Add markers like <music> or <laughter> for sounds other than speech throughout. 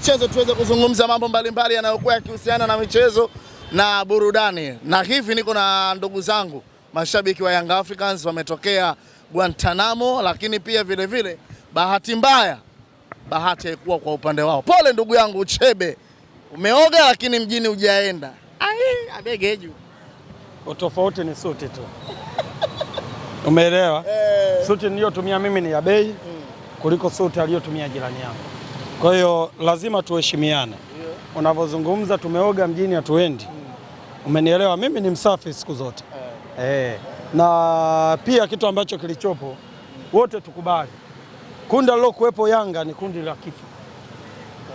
michezo tuweze kuzungumza mambo mbalimbali yanayokuwa yakihusiana na michezo na burudani. Na hivi niko na ndugu zangu mashabiki wa Young Africans wametokea Guantanamo, lakini pia vile vile bahati mbaya, bahati haikuwa kwa upande wao. Pole ndugu yangu chebe umeoga lakini mjini hujaenda. Ai, abegeju utofauti ni suti tu umeelewa? Hey. Eh. Suti niliyotumia mimi ni ya bei mm. kuliko suti aliyotumia jirani yangu. Kwa hiyo lazima tuheshimiane. Unavyozungumza tumeoga mjini hatuendi, mm. umenielewa? Mimi ni msafi siku zote eh. eh, na pia kitu ambacho kilichopo wote tukubali, kundi alilokuwepo Yanga ni kundi la kifo.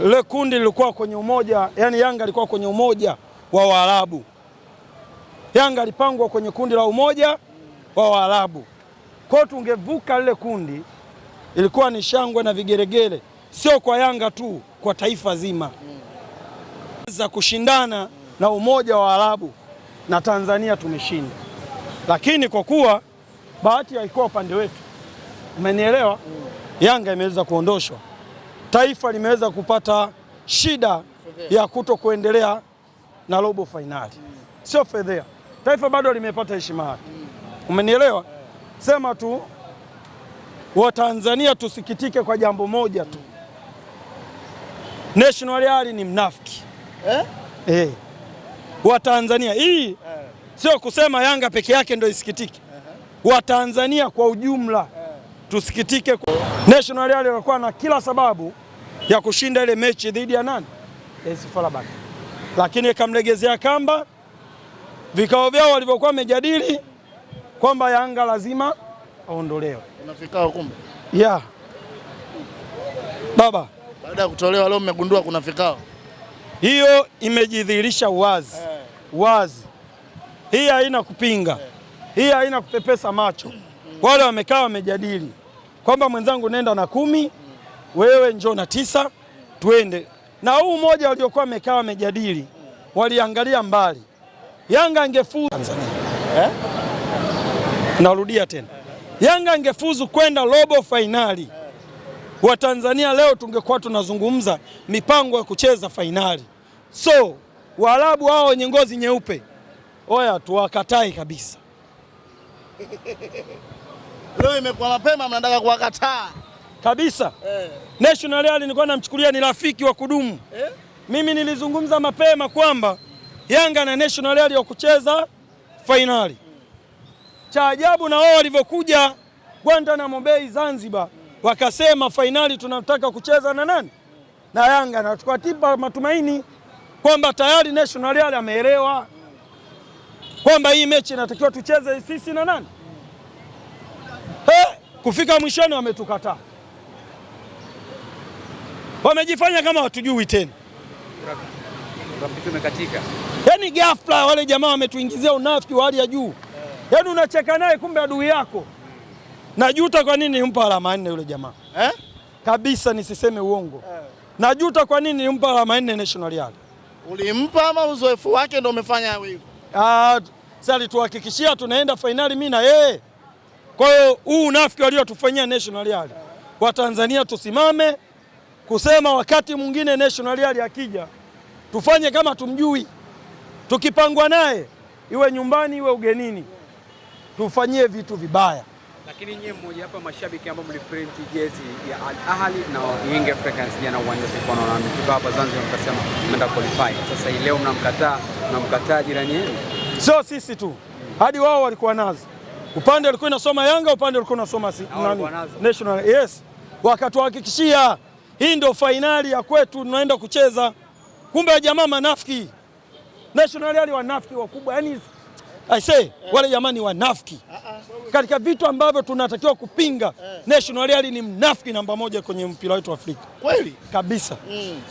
Lile kundi lilikuwa kwenye umoja, yani Yanga alikuwa kwenye umoja wa Waarabu. Yanga alipangwa kwenye kundi la umoja wa Waarabu. Kwa hiyo tungevuka lile kundi, ilikuwa ni shangwe na vigeregere sio kwa Yanga tu, kwa taifa zima za kushindana na Umoja wa Arabu na Tanzania tumeshinda, lakini kwa kuwa bahati haikuwa upande wetu, umenielewa? Yanga imeweza kuondoshwa, taifa limeweza kupata shida ya kuto kuendelea na robo fainali. Sio fedhea, taifa bado limepata heshima yake, umenielewa? Sema tu Watanzania tusikitike kwa jambo moja tu National Yali ni mnafiki eh? Eh. Watanzania hii eh. Sio kusema Yanga peke yake ndio isikitike uh-huh. wa Watanzania kwa ujumla eh. Tusikitike kwa... National Yali walikuwa na kila sababu ya kushinda ile mechi dhidi ya nani AS FAR, lakini ikamlegezea kamba. Vikao vyao walivyokuwa wamejadili kwamba Yanga lazima aondolewe, kuna vikao kumbe, yeah baba baada ya kutolewa leo mmegundua kuna vikao, hiyo imejidhihirisha wazi eh. wazi. Hii haina kupinga eh. hii haina kupepesa macho mm. Wale wamekaa wamejadili kwamba mwenzangu, nenda na kumi wewe njoo na tisa, twende na huu mmoja. Waliokuwa wamekaa wamejadili waliangalia mbali. Yanga angefuzu Tanzania eh? Narudia tena, Yanga angefuzu kwenda robo fainali Watanzania leo tungekuwa tunazungumza mipango ya kucheza fainali. So Waarabu hao wenye ngozi nyeupe, oya, tuwakatai kabisa. <laughs> Leo imekuwa mapema, mnataka kuwakataa kabisa eh. National Real nilikuwa namchukulia ni rafiki wa kudumu eh. Mimi nilizungumza mapema kwamba Yanga na National Real wa kucheza fainali. Cha ajabu na wao walivyokuja Guantanamo Bay Zanzibar wakasema fainali tunataka kucheza na nani? Na Yanga, na tukatipa matumaini kwamba tayari National Real ameelewa kwamba hii mechi inatakiwa tucheze sisi na nani. He, kufika mwishoni wametukataa, wamejifanya kama hatujui tena, yaani ghafla wale jamaa wametuingizia unafiki wa hali ya juu, yaani unacheka naye kumbe adui yako Najuta kwa nini nimpa alama nne yule jamaa eh? Kabisa nisiseme uongo eh. Najuta kwa nini nimpa alama nne national Real. Ulimpa ama uzoefu wake ndio umefanya hivyo? Ah, sasa alituhakikishia tunaenda fainali mimi na yeye. Kwa hiyo huu unafiki waliotufanyia national Real eh. Watanzania tusimame kusema wakati mwingine national Real akija tufanye kama tumjui, tukipangwa naye iwe nyumbani iwe ugenini, tufanyie vitu vibaya. Lakini nyie mmoja hapa mashabiki ambao mliprint jezi ya Al Ahly na Young Africans jana uwanja tulikuwa tunaona mkipa hapa Zanzibar mkasema mnaenda qualify. Sasa hii leo mnamkataa na mkataa jirani yenu. Sio sisi tu. Hadi wao walikuwa nazo. Upande ulikuwa unasoma Yanga, upande ulikuwa unasoma si, na nani? National. Yes. Wakatuhakikishia hii ndio fainali ya kwetu tunaenda kucheza. Kumbe ya jamaa manafiki. National wale wanafiki wakubwa. Yaani I say wale jamani wanafiki katika vitu ambavyo tunatakiwa kupinga eh. National Rally ni mnafiki namba moja kwenye mpira wetu wa Afrika kweli kabisa mm.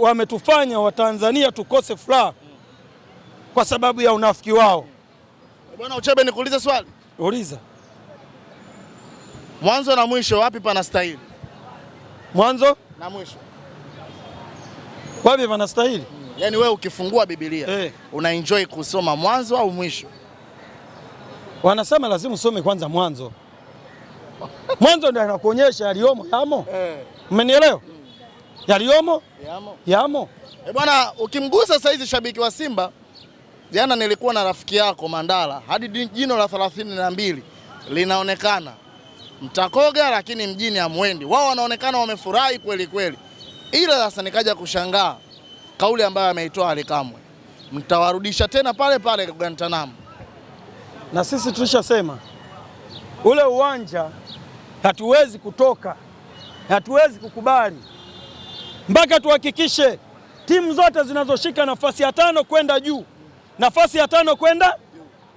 Wametufanya wame Watanzania tukose furaha mm. kwa sababu ya unafiki wao mm. Bwana Uchebe, nikuulize swali. Uliza. Mwanzo na mwisho wapi panastahili? Mwanzo na mwisho wapi panastahili? mm. Yaani wewe ukifungua Biblia eh. enjoy kusoma mwanzo au mwisho? Wanasema lazima usome kwanza Mwanzo. Mwanzo ndio anakuonyesha yaliomo yamo, mmenielewa? Eh. Hmm. Yaliomo yamo, yamo. E bwana, ukimgusa hizi shabiki wa Simba, jana nilikuwa na rafiki yako Mandala, hadi jino la thelathini na mbili linaonekana mtakoga, lakini mjini amwendi. Wao wanaonekana wamefurahi kweli kweli, ila sasa nikaja kushangaa kauli ambayo ameitoa Alikamwe, mtawarudisha tena pale pale Guantanamo na sisi tulishasema ule uwanja hatuwezi kutoka, hatuwezi kukubali mpaka tuhakikishe timu zote zinazoshika nafasi ya tano kwenda juu, nafasi ya tano kwenda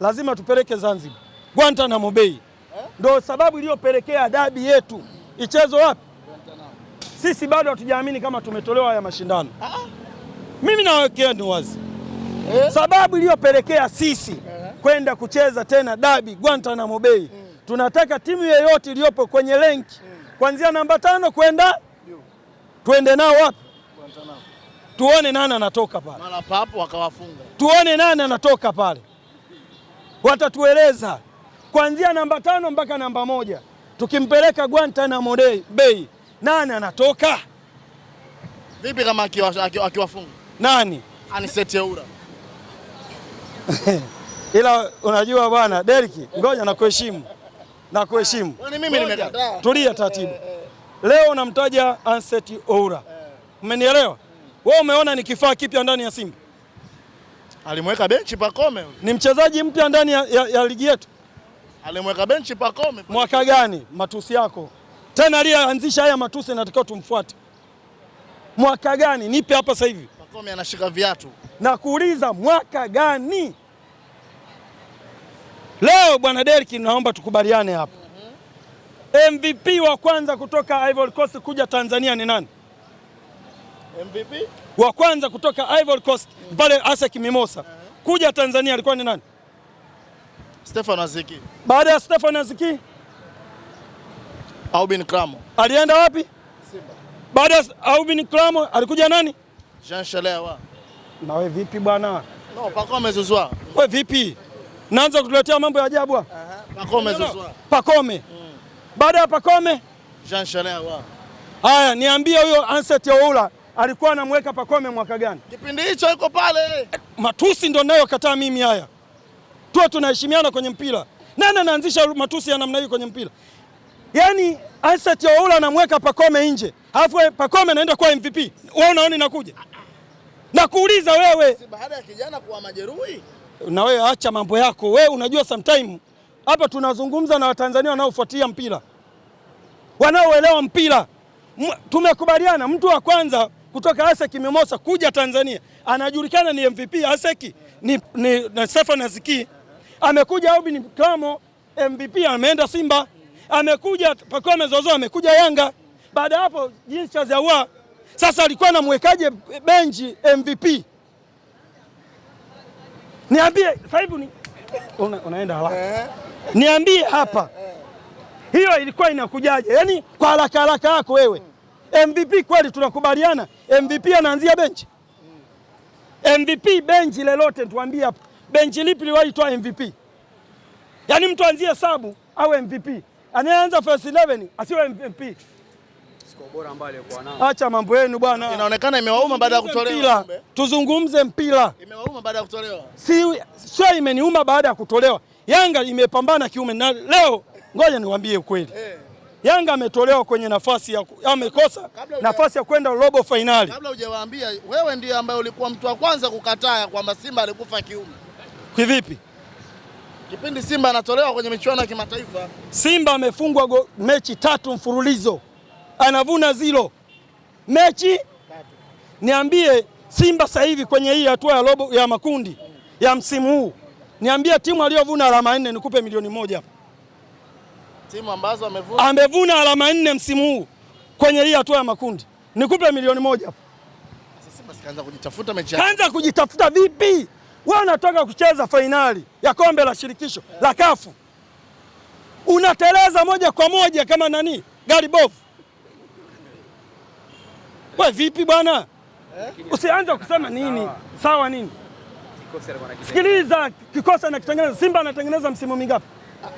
lazima tupeleke Zanzibar, Guantanamo Bay. Ndio sababu iliyopelekea dabi yetu ichezo wapi? Sisi bado hatujaamini kama tumetolewa haya mashindano. Ah, ah. Mimi nawekea ni wazi eh? sababu iliyopelekea sisi eh kwenda kucheza tena dabi Guantanamo Bay mm. tunataka timu yeyote iliyopo kwenye lenki mm. kuanzia namba tano kwenda tuende nao wapi? Tuone nani anatoka pale, mara papo wakawafunga, tuone nani anatoka pale, watatueleza kuanzia namba tano mpaka namba moja. Tukimpeleka Guantanamo Bay nani anatoka vipi? kama akiwafunga akiwa, akiwa nani anisete <laughs> ila unajua bwana derki ngoja nakuheshimu, nakuheshimu. Yaani tulia taratibu. Eh, eh, eh. Leo unamtaja Anset Oura, umenielewa? Wewe umeona ni kifaa kipya ndani ya Simba, alimweka benchi Pakome. Ni mchezaji mpya ndani ya, ya, ya ligi yetu, alimweka benchi Pakome. Mwaka gani? Matusi yako tena, aliyeanzisha haya matusi natakiwa tumfuate. Mwaka gani? Nipe hapa sasa hivi. Pakome anashika viatu nakuuliza mwaka gani? leo bwana Derrick, naomba tukubaliane hapa. MVP mm-hmm. wa kwanza kutoka Ivory Coast kuja Tanzania ni nani? MVP wa kwanza kutoka Ivory Coast pale mm-hmm. Asec Mimosa mm-hmm. kuja Tanzania alikuwa ni nani? Stefano Aziki. Baada ya Stefano Aziki Aubin Kramo alienda wapi? Simba. Baada ya Aubin Kramo alikuja nani? Jean Shalewa. Na wewe vipi bwana? No, pako amezuzwa. Wewe vipi? naanza kutuletea mambo ya ajabu uh Pakome sasa. Pakome. Mm. Baada ya Pakome Jean Shalewa. Haya, niambie huyo Anset Oula alikuwa anamweka Pakome mwaka gani? Kipindi hicho yuko pale. Matusi ndio nayokataa mimi haya. Tuwe tunaheshimiana kwenye mpira. Nani anaanzisha matusi ya namna hiyo kwenye mpira? Yaani Anset Oula anamweka Pakome nje. Alafu Pakome anaenda kuwa MVP. Wewe unaona inakuja? Nakuuliza wewe. Si baada ya kijana kuwa majeruhi? na wewe acha mambo yako. Wewe unajua sometime hapa tunazungumza na Watanzania wanaofuatia mpira, wanaoelewa mpira. Tumekubaliana mtu wa kwanza kutoka Aseki Mimosa kuja Tanzania anajulikana ni MVP Aseki ni, ni, na Stefan Aziki amekuja ni Kamo MVP ameenda Simba, amekuja Pacome Zozo amekuja Yanga. Baada ya hapo jinsi cha zawa sasa alikuwa anamwekaje benchi MVP Niambie sasa hivi ni... Una, unaenda haraka. Niambie hapa hiyo ilikuwa inakujaje? Yaani kwa haraka haraka yako wewe MVP kweli tunakubaliana MVP anaanzia benchi MVP benchi lelote tuambie hapa benchi lipi liwaitwa MVP? Yaani mtu anzie sabu au MVP anayeanza first 11 asiwe MVP. Acha mambo yenu bwana. Inaonekana imewauma baada ya kutolewa. Tuzungumze mpira. Imewauma baada ya kutolewa. Si sio imeniuma baada ya kutolewa. Yanga imepambana kiume na leo, ngoja niwaambie ukweli. Eh. Yanga ametolewa kwenye nafasi ya amekosa nafasi ya kwenda robo finali. Kabla hujawaambia wewe ndiye ambaye ulikuwa mtu wa kwanza kukataa kwamba Simba alikufa kiume. Kivipi? Kipindi Simba anatolewa kwenye michuano ya kimataifa. Simba amefungwa mechi tatu mfululizo anavuna zilo mechi tatu. Niambie Simba sasa hivi kwenye hii hatua ya robo ya makundi ya msimu huu, niambie timu aliyovuna alama nne, nikupe milioni moja Timu ambazo amevuna, amevuna alama nne msimu huu kwenye hii hatua ya makundi, nikupe milioni moja Kaanza kujitafuta mechi, kaanza kujitafuta vipi? Wewe unatoka kucheza fainali ya kombe la shirikisho yeah, la kafu unateleza moja kwa moja kama nani gari bovu. We vipi bwana eh? Usianze kusema nini sawa, sawa nini? Sikiliza, kikosi anakitengeneza Simba anatengeneza msimu mingapi?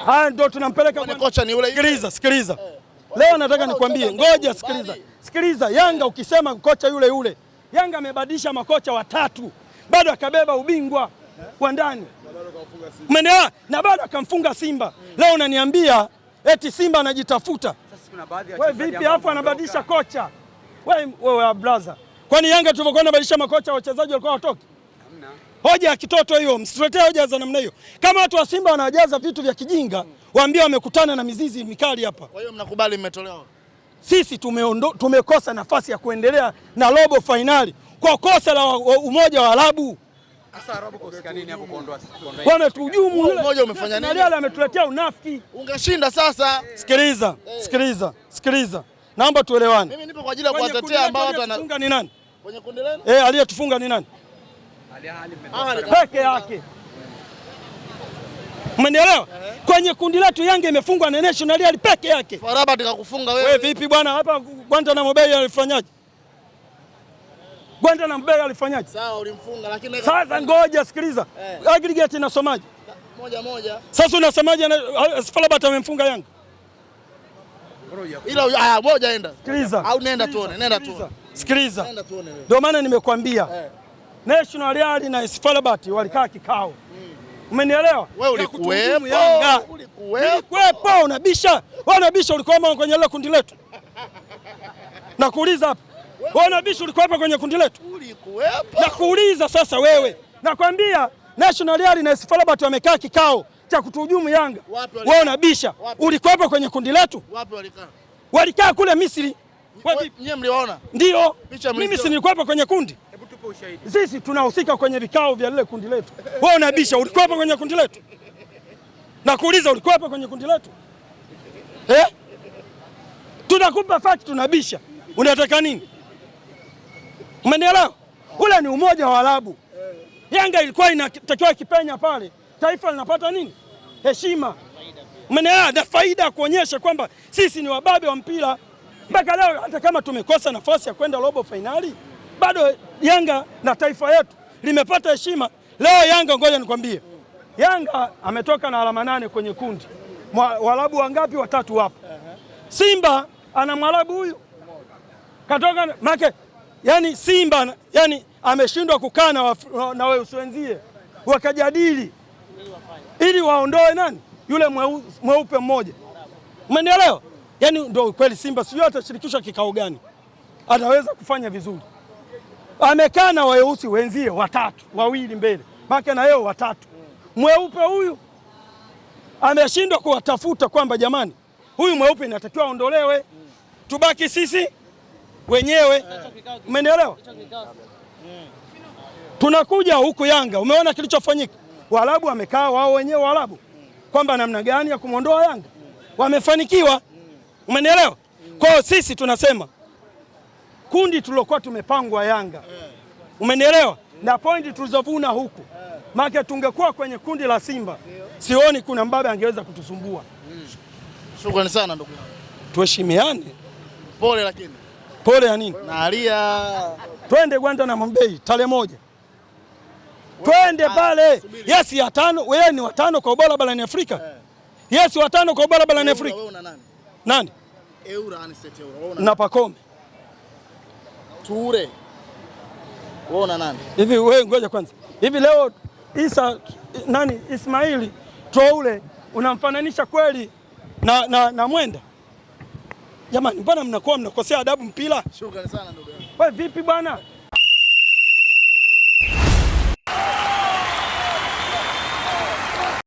Haya ndio tunampeleka kocha ni yule. Sikiliza, sikiliza eh. Leo nataka nikwambie, ngoja sikiliza, sikiliza. Yanga eh. ukisema kocha yule yule, Yanga amebadilisha makocha watatu bado akabeba ubingwa eh. wa ndani, umeelewa? Na bado akamfunga Simba. Mm. Leo unaniambia eti Simba anajitafuta? Wewe vipi? Alafu anabadilisha kocha wewe wewe brother, kwani Yanga tulivyokuwa tunabadilisha makocha wachezaji walikuwa watoki? Hamna hoja ya kitoto hiyo, msituletee hoja za namna hiyo. Kama watu wa Simba wanajaza vitu vya kijinga, hmm, waambie wamekutana na mizizi mikali hapa. Kwa hiyo mnakubali mmetolewa? Sisi tumeondo, tumekosa nafasi ya kuendelea na robo finali kwa kosa la Umoja wa Arabu. Wametujumu, ametuletea unafiki. Ungeshinda sasa. Sikiliza, sikiliza, sikiliza naomba tuelewane. Mimi nipo kwa ajili ya kuwatetea ambao watu anafunga ni nani? Kwenye kundi lenu? Eh, aliyetufunga ni nani? Ah, peke yake. Umenielewa? Kwenye kundi letu Yanga imefungwa na National League peke yake. Faraba atakakufunga wewe. Wewe vipi bwana? Hapa Gwanda na Bay alifanyaje? Gwanda na Bay alifanyaje? Sawa ulimfunga lakini Sasa ngoja sikiliza. Eh. Aggregate inasomaje? Moja moja. Sasa unasemaje na uh, Faraba amemfunga Yanga? ila moja enda. Sikiliza. Au nenda tuone, nenda tuone. Sikiliza. Nenda tuone wewe. Ndio maana nimekwambia. Eh. National Real na Sfarabat walikaa kikao. Hmm. Umenielewa? Wewe ulikuwepo. Ulikuwepo, Ulikuwepo unabisha. Wewe unabisha ulikuwa kwenye ile kundi letu. <laughs> Nakuuliza hapa. Wewe unabisha ulikuwa hapa kwenye kundi letu. Ulikuwepo. Nakuuliza sasa wewe. Nakwambia National Real na Sfarabat wamekaa kikao cha kutuhujumu Yanga Wewe unabisha. Ulikuwepo kwenye kundi letu, walikaa kule Misri. Ndio mimi si nilikuwepo kwenye kundi sisi tunahusika kwenye vikao vya lile kundi letu. Wewe unabisha, ulikuwepo kwenye kundi letu? Nakuuliza, ulikuwepo kwenye kundi letu eh? Tunakupa fact, tunabisha, unataka nini? Umenielewa? Ule ni umoja wa Arabu. Yanga ilikuwa inatakiwa kipenya pale, taifa linapata nini? Heshima mna na faida ya kuonyesha kwamba sisi ni wababe wa mpira mpaka leo. Hata kama tumekosa nafasi ya kwenda robo fainali, bado Yanga na taifa yetu limepata heshima. Leo Yanga, ngoja nikwambie, Yanga ametoka na alama nane kwenye kundi, Mwarabu wangapi? Watatu wapo. Simba ana Mwarabu huyu katoka make, yani Simba yani ameshindwa kukaa na, weusi wenzie wakajadili ili waondoe nani yule mweupe mmoja, umenielewa? Yaani ndio kweli Simba sijui atashirikishwa kikao gani ataweza kufanya vizuri. Amekaa na weusi wenzie watatu wawili mbele, make na yeye watatu. Mweupe huyu ameshindwa kuwatafuta kwamba jamani, huyu mweupe inatakiwa aondolewe, tubaki sisi wenyewe, umenielewa? Tunakuja huku Yanga, umeona kilichofanyika Waarabu wamekaa wao wenyewe Waarabu kwamba namna gani ya kumwondoa Yanga wamefanikiwa, umenielewa? Kwa hiyo sisi tunasema kundi tulilokuwa tumepangwa Yanga, umenielewa, na pointi tulizovuna huku, maana tungekuwa kwenye kundi la Simba, sioni kuna mbabe angeweza kutusumbua. Shukrani sana ndugu yangu, tuheshimiane. Pole lakini pole ya nini? Naalia, twende na Mombei tarehe moja twende pale. Yes ya tano, wewe ni watano kwa ubora barani Afrika. Yes watano kwa ubora barani Afrika. Nani? Eura Anicet Eura. Wewe una na Pakome. Ture. Wewe una nani? Hivi wewe ngoja kwanza. Hivi leo Isa nani Ismaili Toure unamfananisha kweli na, na, na mwenda? Jamani, mbona mnakuwa mnakosea adabu mpira? Shukrani sana ndugu yangu. Wewe vipi bwana?